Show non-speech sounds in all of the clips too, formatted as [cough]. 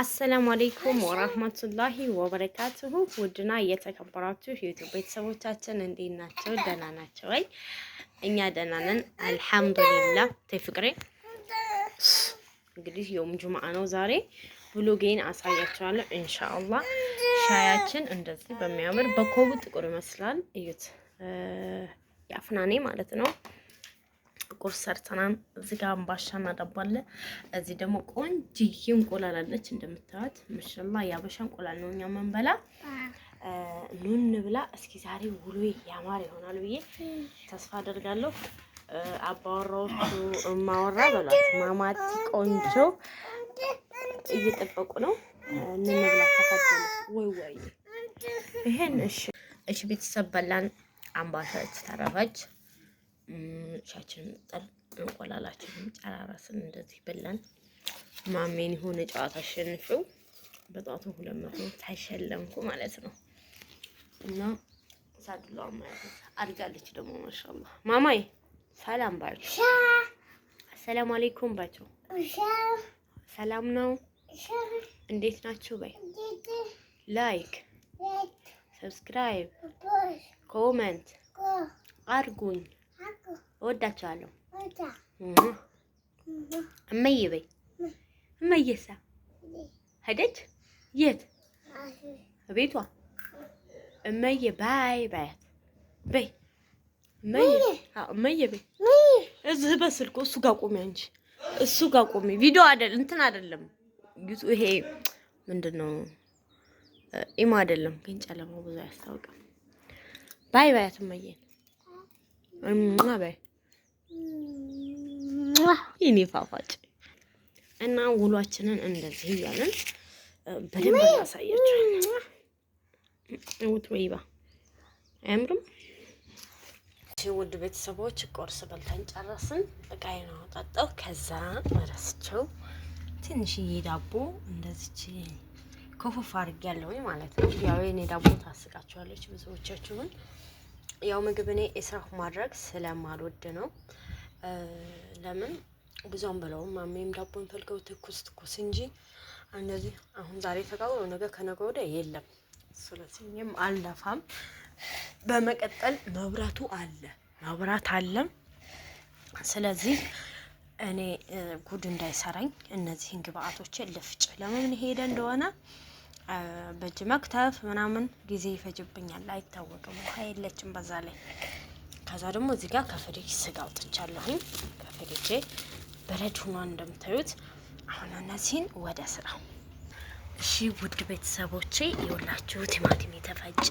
አሰላሙ አሌይኩም ወራህመቱላሂ ወበረካቱሁ ውድና እየተከበራችሁ ዩቱብ ቤተሰቦቻችን እንዴት ናቸው? ደህና ናቸው ወይ? እኛ ደህና ነን አልሐምዱሊላህ። ተፍቅሬ ፍቅሬ፣ እንግዲህ የውም ጁምዓ ነው ዛሬ። ብሎጌን አሳያችኋለሁ ኢንሻአላህ። ሻያችን እንደዚህ በሚያምር በኮቡ ጥቁር ይመስላል እዩት፣ የአፍናኔ ማለት ነው ቁርስ ሰርተናን እዚህ ጋር አምባሻ እናዳባለ። እዚህ ደግሞ ቆንጅዬ እንቁላል አለች እንደምታዩት። ምሽላ የአበሻ እንቁላል ነው እኛ መንበላ ኑን ብላ። እስኪ ዛሬ ውሎ ያማረ ይሆናል ብዬ ተስፋ አደርጋለሁ። አባወራዎቹ ማወራ በሏት ማማት ቆንጆ እየጠበቁ ነው። እንብላ ተፈደሉ ወይ ወይ ይሄን እሺ፣ እሺ ቤተሰብ በላን። አምባሻች ተረፈች። ሻችን ጠል እንቆላላችንን ጨራረስን። እንደዚህ በላን። ማሜን የሆነ ጨዋታ አሸንፈው በጠዋቱ ሁለት መቶ ተሸለምኩ ማለት ነው እና ሳድሏ ማለት አድጋለች ደግሞ ማሻአላ። ማማይ ሰላም ባልሽ። አሰላሙ አለይኩም ባቸው። ሰላም ነው። እንዴት ናችሁ? በይ ላይክ፣ ሰብስክራይብ፣ ኮመንት አርጉኝ። እወዳቸዋለሁ። እመዬ በይ። እመዬሳ ሄደች? የት? ቤቷ። እመዬ ባይ ባያት በይ። እመዬ በይ። እዚህ በስልኩ እሱ ጋር ቆሚ እንጂ እሱ ጋር ቆሚ። ቪዲዮ አይደለም እንትን አይደለም ግጹ ይሄ ምንድን ነው? ኢማ አይደለም ግን ጨለማው ብዙ አያስታውቅም። ባይ ባያት እመዬን በይ የኔ ፏፏጭ እና ውሏችንን እንደዚህ እያለን በደንብ እናሳያችኋለን። ውት ወይባ አያምርም? ውድ ቤተሰቦች ቁርስ በልተን ጨረስን። እቃዬን አወጣጣሁ። ከዛ ረስቸው ትንሽዬ ዳቦ እንደዚች ከፎፍ አድርጌያለሁኝ ማለት ነው። ያው የኔ ዳቦ ታስቃችኋለች ብዙዎቻችሁን ያው ምግብ እኔ እስራፍ ማድረግ ስለማልወድ ነው። ለምን ብዙም ብለውም ማሜም ዳቦን ፈልገው ትኩስ ትኩስ እንጂ እንደዚህ አሁን ዛሬ ተጋው ነገ ከነገ ወዲያ የለም። ስለዚህ እኔም አልለፋም። በመቀጠል መብራቱ አለ መብራት አለ። ስለዚህ እኔ ጉድ እንዳይሰራኝ እነዚህን ግብአቶችን ልፍጭ። ለምን ሄደ እንደሆነ በእጅ መክተፍ ምናምን ጊዜ ይፈጅብኛል፣ አይታወቅም። ውሃ የለችም በዛ ላይ። ከዛ ደግሞ እዚህ ጋር ከፍሪጅ ስጋ አውጥቻለሁኝ። ከፍሪጄ በረድ ሁኗን እንደምታዩት። አሁን እነዚህን ወደ ስራ። እሺ ውድ ቤተሰቦቼ የወላችሁ ቲማቲም የተፈጨ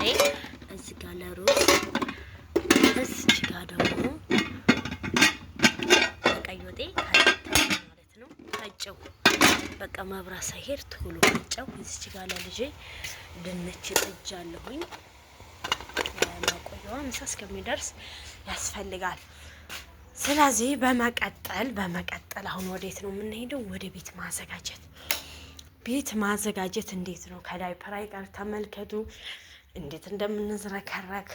እዚህ ጋር ለሩዝ፣ እዚህ ጋር ደግሞ ቀይ ወጤ ፈጨው። በቃ መብራት ሳይሄድ ቶሎ ፈጨው። እዚች ጋር ለልጄ ድንች ጥጃለሁኝ። ማቆየዋ ምሳ እስከሚደርስ ያስፈልጋል። ስለዚህ በመቀጠል በመቀጠል አሁን ወዴት ነው የምንሄደው? ወደ ቤት ማዘጋጀት። ቤት ማዘጋጀት እንዴት ነው? ከዳይፐር አይቀር ተመልከቱ፣ እንዴት እንደምንዝረከረክ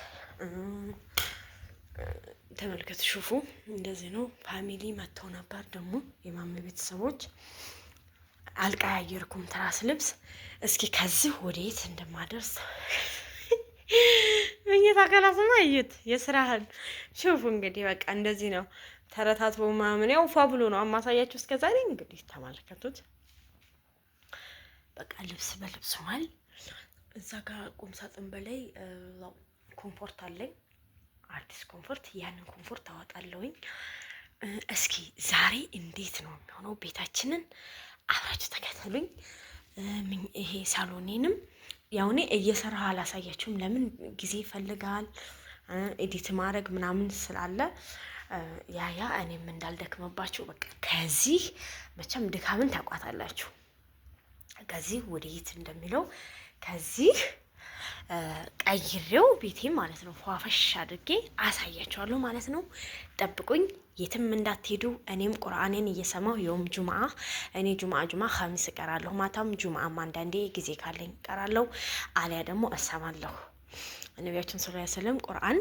ተመልከት ሹፉ እንደዚህ ነው። ፋሚሊ መጥተው ነበር። ደግሞ የማሜ ቤተሰቦች አልቀያየርኩም ትራስ ልብስ። እስኪ ከዚህ ወዴት እንደማደርስ መኝታ ካላስማ እዩት የስራህን ሹፉ። እንግዲህ በቃ እንደዚህ ነው ተረታትቦ ምናምን ያው ፏ ብሎ ነው አማሳያችሁ እስከ ዛሬ እንግዲህ ተመለከቱት። በቃ ልብስ በልብስ ሆኗል። እዛ ጋር ቁምሳጥን በላይ ኮምፎርት አለኝ አዲስ ኮንፎርት ያንን ኮንፎርት አወጣለሁኝ። እስኪ ዛሬ እንዴት ነው የሚሆነው? ቤታችንን አብራችሁ ተከተሉኝ። ይሄ ሳሎኔንም ያው እኔ እየሰራሁ አላሳያችሁም። ለምን ጊዜ ይፈልጋል ኤዲት ማድረግ ምናምን ስላለ ያያ እኔም እንዳልደክመባችሁ በቃ ከዚህ መቼም ድካምን ታቋታላችሁ? ከዚህ ወደ እንደሚለው ከዚህ ቀይሬው ቤቴን ማለት ነው ፏፈሽ አድርጌ አሳያቸዋለሁ ማለት ነው። ጠብቁኝ፣ የትም እንዳትሄዱ። እኔም ቁርአኔን እየሰማሁ የውም ጁምአ እኔ ጁምአ ጁምአ ከሚስ እቀራለሁ፣ ማታም ጁምአም አንዳንዴ ጊዜ ካለኝ እቀራለሁ፣ አሊያ ደግሞ እሰማለሁ። ነቢያችን ስላ ስለም ቁርአን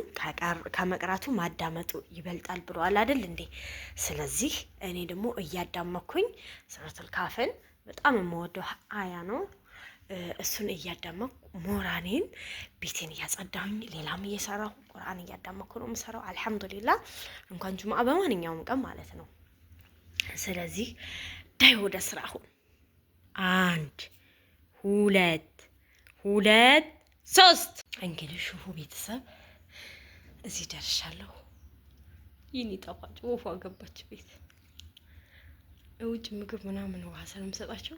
ከመቅራቱ ማዳመጡ ይበልጣል ብለዋል አይደል እንዴ? ስለዚህ እኔ ደግሞ እያዳመኩኝ ሱረቱል ካፍን በጣም የምወደው አያ ነው። እሱን እያዳመኩ ሞራኔን ቤቴን እያጸዳሁኝ ሌላም እየሰራሁ ቁርአን እያዳመኩ ነው የምሰራው። አልሐምዱሊላ እንኳን ጁምዓ በማንኛውም ቀን ማለት ነው። ስለዚህ ዳይ ወደ ስራ አሁን አንድ ሁለት ሁለት ሶስት እንግዲህ ሽፉ ቤተሰብ እዚህ ደርሻለሁ። ይህን ጣፋጭ ወፏ ገባች ቤት ውጭ ምግብ ምናምን ውሃ ስለምሰጣቸው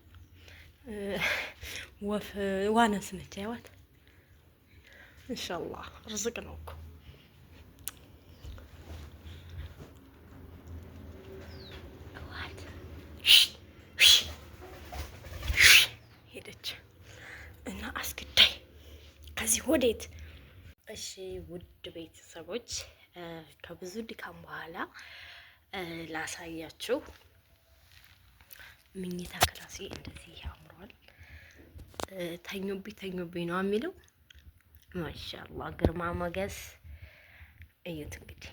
ወፍ ዋነስ ነች። አይዋት ኢንሻአላህ ርዝቅ ነው እኮ ሄደች እና አስገዳይ ከዚህ ወዴት? እሺ ውድ ቤተሰቦች ከብዙ ድካም በኋላ ላሳያችሁ ምኝታ ክላሴ እንደዚህ ያው ተኞብኝ ተኞብኝ ነው የሚለው። ማሻላ ግርማ ሞገስ እዩት እንግዲህ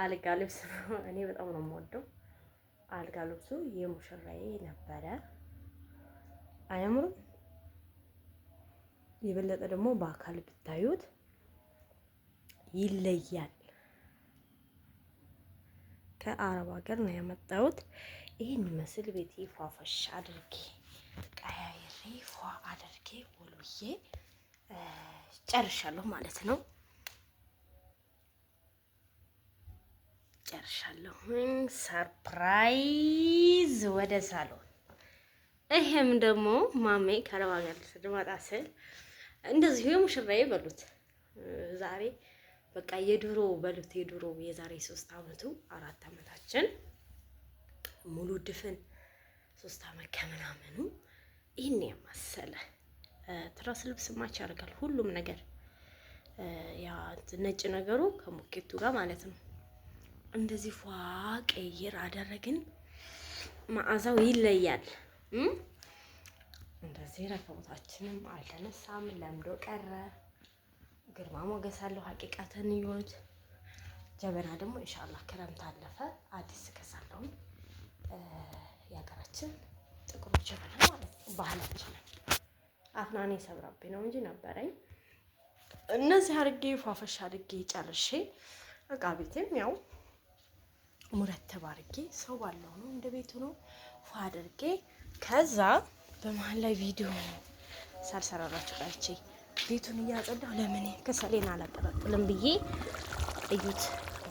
አልጋ ልብስ ነው። እኔ በጣም ነው የምወደው አልጋ ልብሱ የሙሽራዬ ነበረ። አያምሩም? የበለጠ ደግሞ በአካል ብታዩት ይለያል። ከአረብ ሀገር ነው ያመጣሁት። ይህን ይመስል ቤቴ ፏፈሽ አድርጌ ቀያይሬ ፏ አድርጌ ውሉዬ ጨርሻለሁ ማለት ነው። ጨርሻለሁ። ሰርፕራይዝ ወደ ሳሎን። ይሄም ደግሞ ማሜ ከአረብ ሀገር ስትመጣ ስል እንደዚሁ የሙሽራዬ በሉት ዛሬ በቃ የድሮ በሉት የድሮ የዛሬ ሶስት አመቱ አራት አመታችን ሙሉ ድፍን ሶስት አመት ከምናምኑ ይህን የመሰለ ትራስ ልብስ ማች ያደርጋል ሁሉም ነገር ያ ነጭ ነገሩ ከሞኬቱ ጋር ማለት ነው። እንደዚህ ፏ ቀይር አደረግን። መዓዛው ይለያል። እንደዚህ ረከቦታችንም አልተነሳም፣ ለምዶ ቀረ። ግርማ ሞገስ አለው ሀቂቃትን እዩት። ጀበና ደግሞ ኢንሻላህ ክረምት አለፈ አዲስ ከሳለሁኝ የሀገራችን ጥቁር ጀበና ማለት ነው ባህላችን። አፍናኔ ሰብራቤ ነው እንጂ ነበረኝ። እነዚህ አድርጌ ፏፈሻ አድርጌ ጨርሼ እቃ ቤቴም ያው ሙረተብ አድርጌ ሰው ባለው ነው እንደ ቤቱ ነው ፏ አድርጌ ከዛ በመሀል ላይ ቪዲዮ ሳልሰራላችሁ ቀርቼ ቤቱን እያጸዳሁ ለምን ከሰሌን አላቀጣጥልም ብዬ እዩት።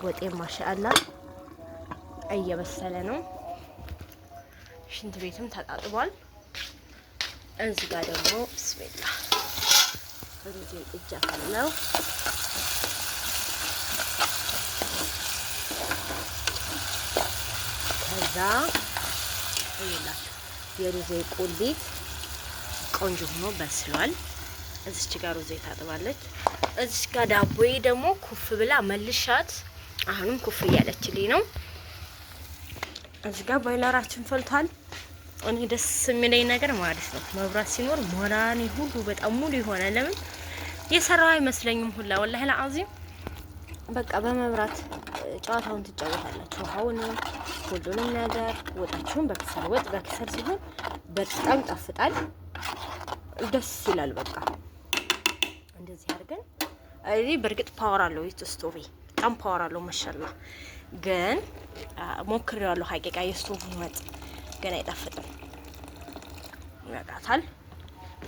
ወጤ ማሻአላ እየበሰለ ነው። ሽንት ቤትም ተጣጥቧል። እዚህ ጋር ደግሞ ብስሚላ ሩዝ እጃ ካለው ከዛ የሩዜ ቁሊት ቆንጆ ሆኖ በስሏል። እዚች ጋር ሩዜ ታጥባለች። እዚች ጋር ዳቦዬ ደግሞ ኩፍ ብላ መልሻት አሁንም ኩፍ እያለችልኝ ነው። እዚ ጋር ባይለራችን ፈልቷል። እኔ ደስ የሚለኝ ነገር ማለት ነው መብራት ሲኖር ሞራኔ ሁሉ በጣም ሙሉ የሆነ ለምን የሰራው አይመስለኝም ሁላ ወላሂ ለአዚም በቃ በመብራት ጨዋታውን ትጫወታላችሁ። አሁን ሁሉንም ነገር ወጣችሁን በክሰል ወጥ በክሰል ሲሆን በጣም ጣፍጣል፣ ደስ ይላል። በቃ እንደዚህ አድርገን እዚህ በእርግጥ ፓወር አለው ስቶቭ በጣም ፓወር አለው። መሻላ ግን ሞክሬዋለሁ። ሀቂቃ የስቶቭ ወጥ ግን አይጣፍጥም፣ ይበቃታል።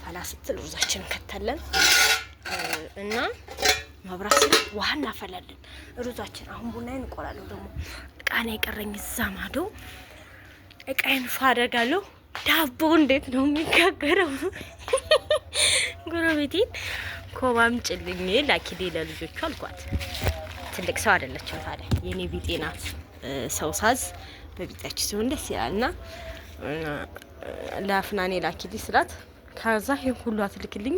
ፈላ ስትል ሩዛችን እንከተለን እና መብራት ውሃ እናፈላለን። ሩዛችን አሁን ቡና እንቆላለሁ። ደግሞ እቃና የቀረኝ እዛ ማዶ እቃዬን አደርጋለሁ። ዳቦ እንዴት ነው የሚጋገረው? [laughs] ጎረቤቴን ኮባም ጭልኝ ላኪሌ ለልጆቹ አልኳት። ትልቅ ሰው አይደለችም ታዲያ የኔ ቢጤና ሰው ሳዝ በቢጤያች ሲሆን ደስ ይላል። ና ለአፍናኔ ላኪሌ ስላት ከዛ ይህ ሁሉ አትልክልኝ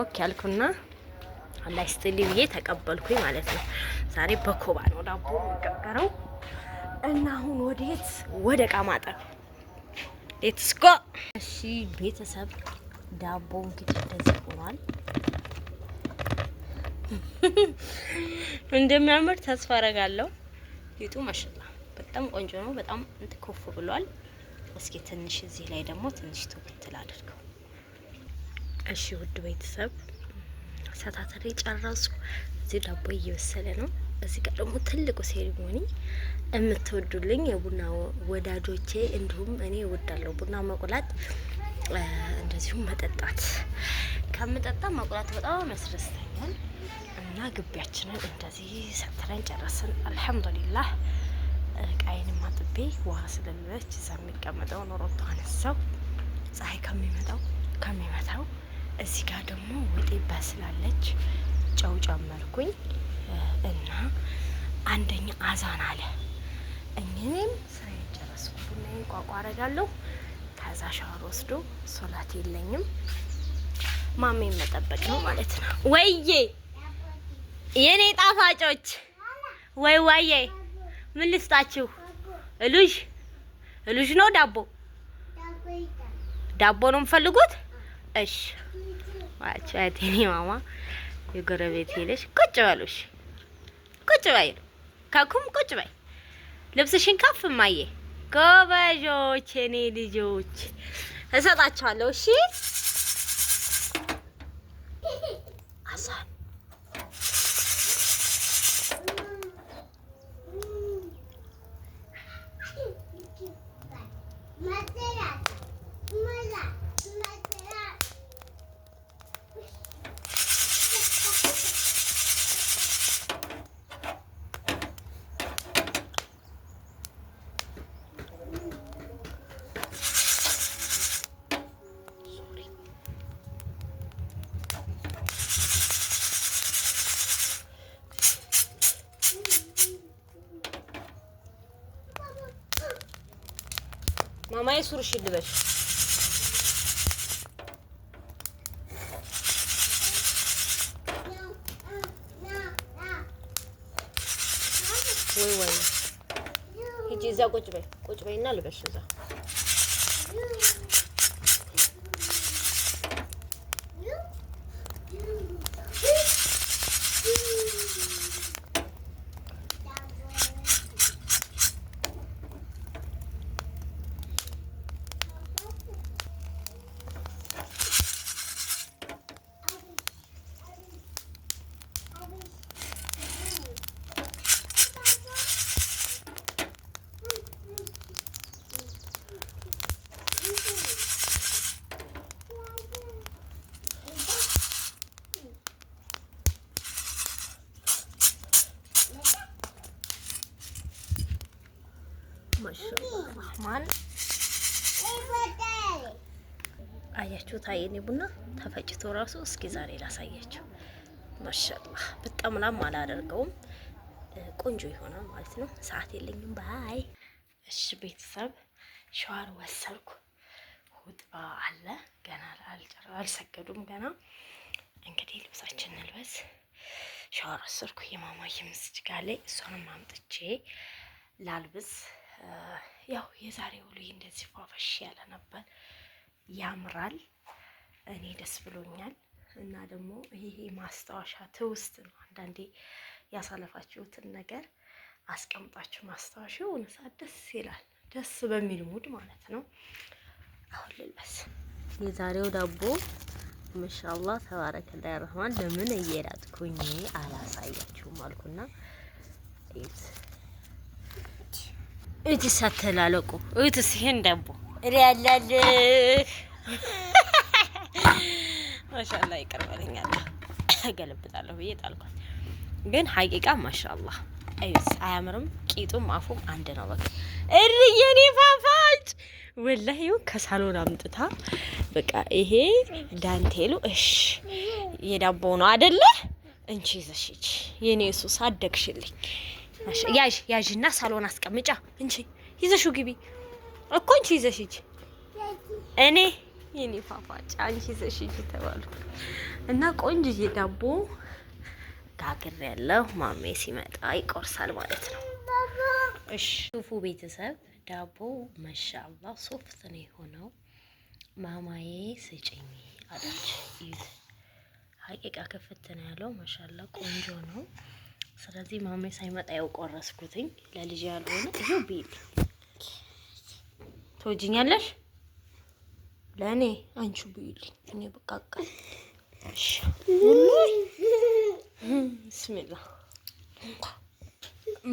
ኦኬ አልኩና አላህ ይስጥልኝ ብዬ ተቀበልኩኝ ማለት ነው። ዛሬ በኮባ ነው ዳቦ የሚጋገረው እና አሁን ወዴት ወደ እቃ ማጠብ ሌትስ ጎ። እሺ ቤተሰብ ዳቦ እንግዲህ እንደዚህ ሆኗል። እንደሚያምር ተስፋ አረጋለሁ። ሊጡ ማሻአላ በጣም ቆንጆ ነው። በጣም እንትኮፍ ብሏል። እስኪ ትንሽ እዚህ ላይ ደግሞ ትንሽ ትውክትል አድርገው። እሺ ውድ ቤተሰብ ተከታተለ ጨረስኩ። እዚህ ዳቦ እየበሰለ ነው። እዚህ ጋር ደግሞ ትልቁ ሴሪሞኒ የምትወዱልኝ የቡና ወዳጆቼ፣ እንዲሁም እኔ እወዳለሁ ቡና መቁላት፣ እንደዚሁም መጠጣት። ከምጠጣ መቁላት በጣም ያስደስተኛል እና ግቢያችንን እንደዚህ ሰትረን ጨረስን። አልሐምዱሊላህ ቃይን ማጥቤ ውሃ ስለሌለች እዛ የሚቀመጠው ኖሮቶ አነሳው ፀሐይ ከሚመጣው ከሚመታው እዚህ ጋር ደግሞ ወጤ በስላለች ጨው ጨመርኩኝ እና አንደኛ አዛን አለ። እኔም ስራ ጨረስኩ፣ ቡና ቋቋ አረጋለሁ። ከዛ ሻወር ወስዶ ሶላት የለኝም ማሜን መጠበቅ ነው ማለት ነው። ወይዬ የኔ ጣፋጮች፣ ወይ ዋዬ ምን ልስጣችሁ? እሉሽ እሉሽ ነው ዳቦ ዳቦ ነው የምፈልጉት። እሺ ዋቸው አይቴኔ ማማ የጎረቤት ይለሽ ቁጭ በሉሽ፣ ቁጭ በይ፣ ካኩም ቁጭ በይ፣ ልብስሽን ከፍ ማየ። ጎበዦች የኔ ልጆች እሰጣቸዋለሁ። እሺ አሳ ማይሱር እሺ ልበሽ ወይ ወይ ሂጂ እዛ ቁጭ በይ ቁጭ በይና ልበሽ እዛ ይጠቅማል። አያችሁ ታየኔ ቡና ተፈጭቶ ራሱ እስኪ ዛሬ ላሳያችሁ። ማሻላ በጣም ላም አላደርገውም ቆንጆ ይሆናል ማለት ነው። ሰዓት የለኝም ባይ። እሺ ቤተሰብ ሸዋር ወሰድኩ። ሁጥባ አለ ገና አልሰገዱም ገና። እንግዲህ ልብሳችን እንልበስ። ሸዋር ወሰድኩ። የማማ መስጅድ ላይ እሷንም አምጥቼ ላልብስ ያው የዛሬው ውሎ እንደዚህ ፏፈሽ ያለ ነበር፣ ያምራል። እኔ ደስ ብሎኛል። እና ደግሞ ይሄ ማስታወሻ ትውስት ነው። አንዳንዴ ያሳለፋችሁትን ነገር አስቀምጣችሁ ማስታወሻ የሆነ ሰዓት ደስ ይላል፣ ደስ በሚል ሙድ ማለት ነው። አሁን ልልበስ። የዛሬው ዳቦ ማሻአላ ተባረከላ ረህማን። ለምን እየራጥኩኝ አላሳያችሁም አልኩና እዩት። እትስ አተላለቁ እትስ ይሄን ደቦ እሪ ያላልህ ማሻአላ ይቀርበልኛል እገለብጣለሁ ብዬ ጣልኳት። ግን ሀቂቃ ማሻላ አይስ አያምርም። ቂጡም አፉም አንድ ነው። በቃ እሪ የኔ ፋፋጭ ወላሂ ከሳሎን አምጥታ በቃ ይሄ ዳንቴሉ እሽ የዳቦ ነው አደለ እንቺ ዘሽች የኔ ሱስ አደግሽልኝ ያዥ ያዥና ሳሎን አስቀምጫ እንጂ ይዘሹ ግቢ እኮ እንጂ ይዘሽ ሂጂ። እኔ የኔ ፋፋጫ አንቺ ይዘሽ ሂጂ ተባሉ እና ቆንጆዬ ዳቦ ጋግር ያለው ማሜ ሲመጣ ይቆርሳል ማለት ነው። እሺ ሹፉ ቤተሰብ ዳቦ መሻላ ሶፍት ነው የሆነው። ማማዬ ስጭኝ አለች። ሀቂቃ ክፍት ነው ያለው። መሻላ ቆንጆ ነው። ስለዚህ ማሜ ሳይመጣ ያው ቆረስኩትኝ ለልጅ ያልሆነ ይኸው ቢል ትወጂኛለሽ? ለእኔ አንቺ ቢል እኔ በቃቃ ብስሚላ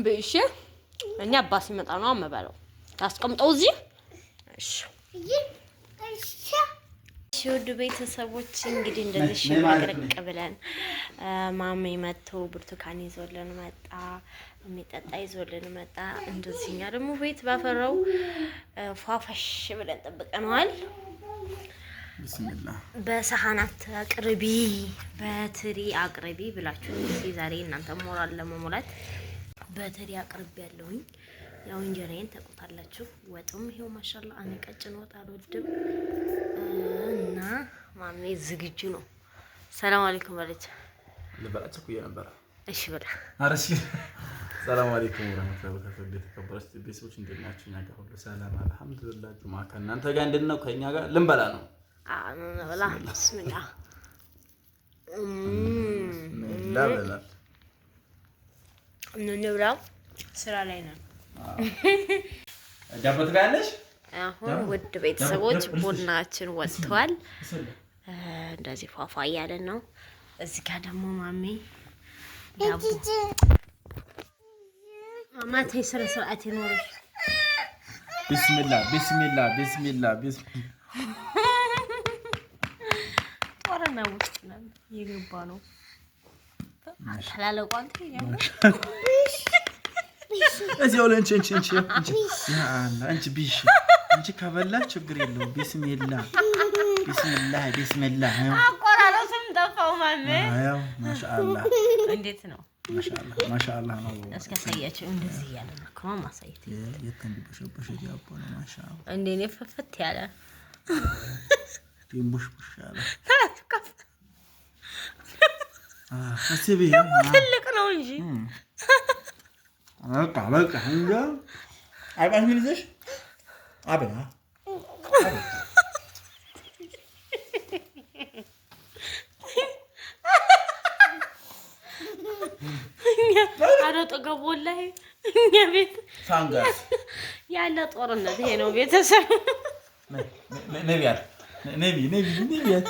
ብይሽ እኔ አባ ሲመጣ ነው አመበለው ታስቀምጠው እዚህ ውድ ቤተሰቦች እንግዲህ እንደዚህ ሽማቅረቅ ብለን ማሜ መጥቶ ብርቱካን ይዞልን መጣ፣ የሚጠጣ ይዞልን መጣ። እንደዚህ እኛ ደግሞ ቤት ባፈራው ፏፈሽ ብለን ጠብቀነዋል። በሰሀናት አቅርቢ፣ በትሪ አቅርቢ ብላችሁ እንግዲህ ዛሬ እናንተ ሞራል ለመሙላት በትሪ አቅርቢ ያለውኝ ያው እንጀራዬን ተቆጣላችሁ። ወጡም ይሄው ማሻላ አነቀጭን ወጥ አልወድም። እና ማሜ ዝግጁ ነው። ሰላም አለይኩም በለች። ልበላቸው ኩዬ ነበረ። እሺ በላ። አረሽ ሰላም አለይኩም ወራህመቱላሂ ወበረካቱህ። የተከበራችሁ ቤተሰቦች እንዴት ናችሁ? እኛ ጋር ሁሉ ሰላም አልሐምዱሊላህ። ጁማ ከእናንተ ጋር እንዴት ነው? ከእኛ ጋር ልንበላ ነው። በላ ብስሚላ በላ ስራ ላይ ዳቦ አሁን ውድ ቤተሰቦች ቡናችን ወጥቷል። እንደዚህ ፏፏ እያለን ነው። እዚህ ጋር ደግሞ ማሚ ማማ ተይ ስነ ስርዓት ይኖረሽ። ቢስሚላ ቢስሚላ ቢስሚላ ቢስሚላ ጦረና ውስጥ ነው የገባ ነው ተላለቋል እዚያው ለእንቺ ንቺ እንቺ አንቺ ቢሽ አንቺ ከበላ ችግር የለውም። ቢስሚላ ቢስሚላ ቢስሚላ። አቆራረሱም ጠፋው። ማሜ አዎ፣ ማሻአላ እንዴት ነው? ማሻአላ ማሻአላ ነው። እስከ ሳያችሁ እንደዚህ እያለ ነው እኮ ማሳየት የትንብሽብሽ ያቦ ነው። ማሻአላ እንደ እኔ ፈፈት ያለ ትንብሽብሽ ያለ ትልቅ ነው እንጂ በቃ በቃ እንጃ አቃሽ ምን ይዘሽ Abi ha. Abi. ኧረ ላይ እኛ ቤት ፋንጋስ ያለ ጦርነት ይሄ ነው። ቤተሰብ ነቢያት ነቢ ነቢ ነቢያት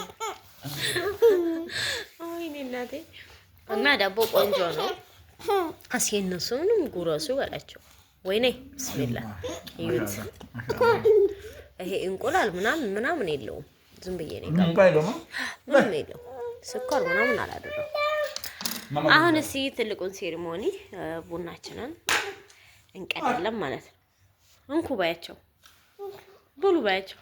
ወይኔ እናቴ እና ዳቦ ቆንጆ ነው። አስየነሱንም ጉረሱ በላቸው። ወይኔ ብስሚላ እዩት። ይሄ እንቁላል ምናምን ምናምን የለውም። ዝም ብዬ ነው ምንም የለው ስኳር ምናምን አላደረው። አሁን እስኪ ትልቁን ሴሪሞኒ ቡናችንን እንቀዳለን ማለት ነው። እንኩ ባያቸው ብሉ ባያቸው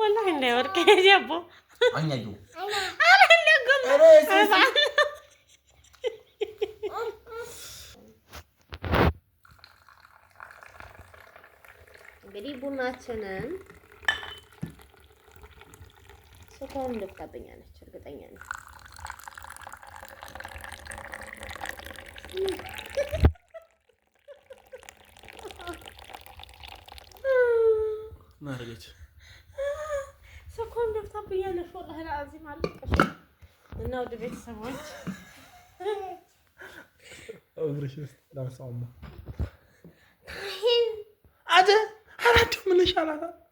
ወላሂ እንዳይወድቅ ያቦ እንግዲህ ቡናችንን ስኳሩን ልብታብኛለች፣ እርግጠኛ ነኝ። ማረገች ስኳሩን ልብታብኛለች። ወላሂ ለአዚም አለቀሽ እና ወደ ቤተሰቦች শালারা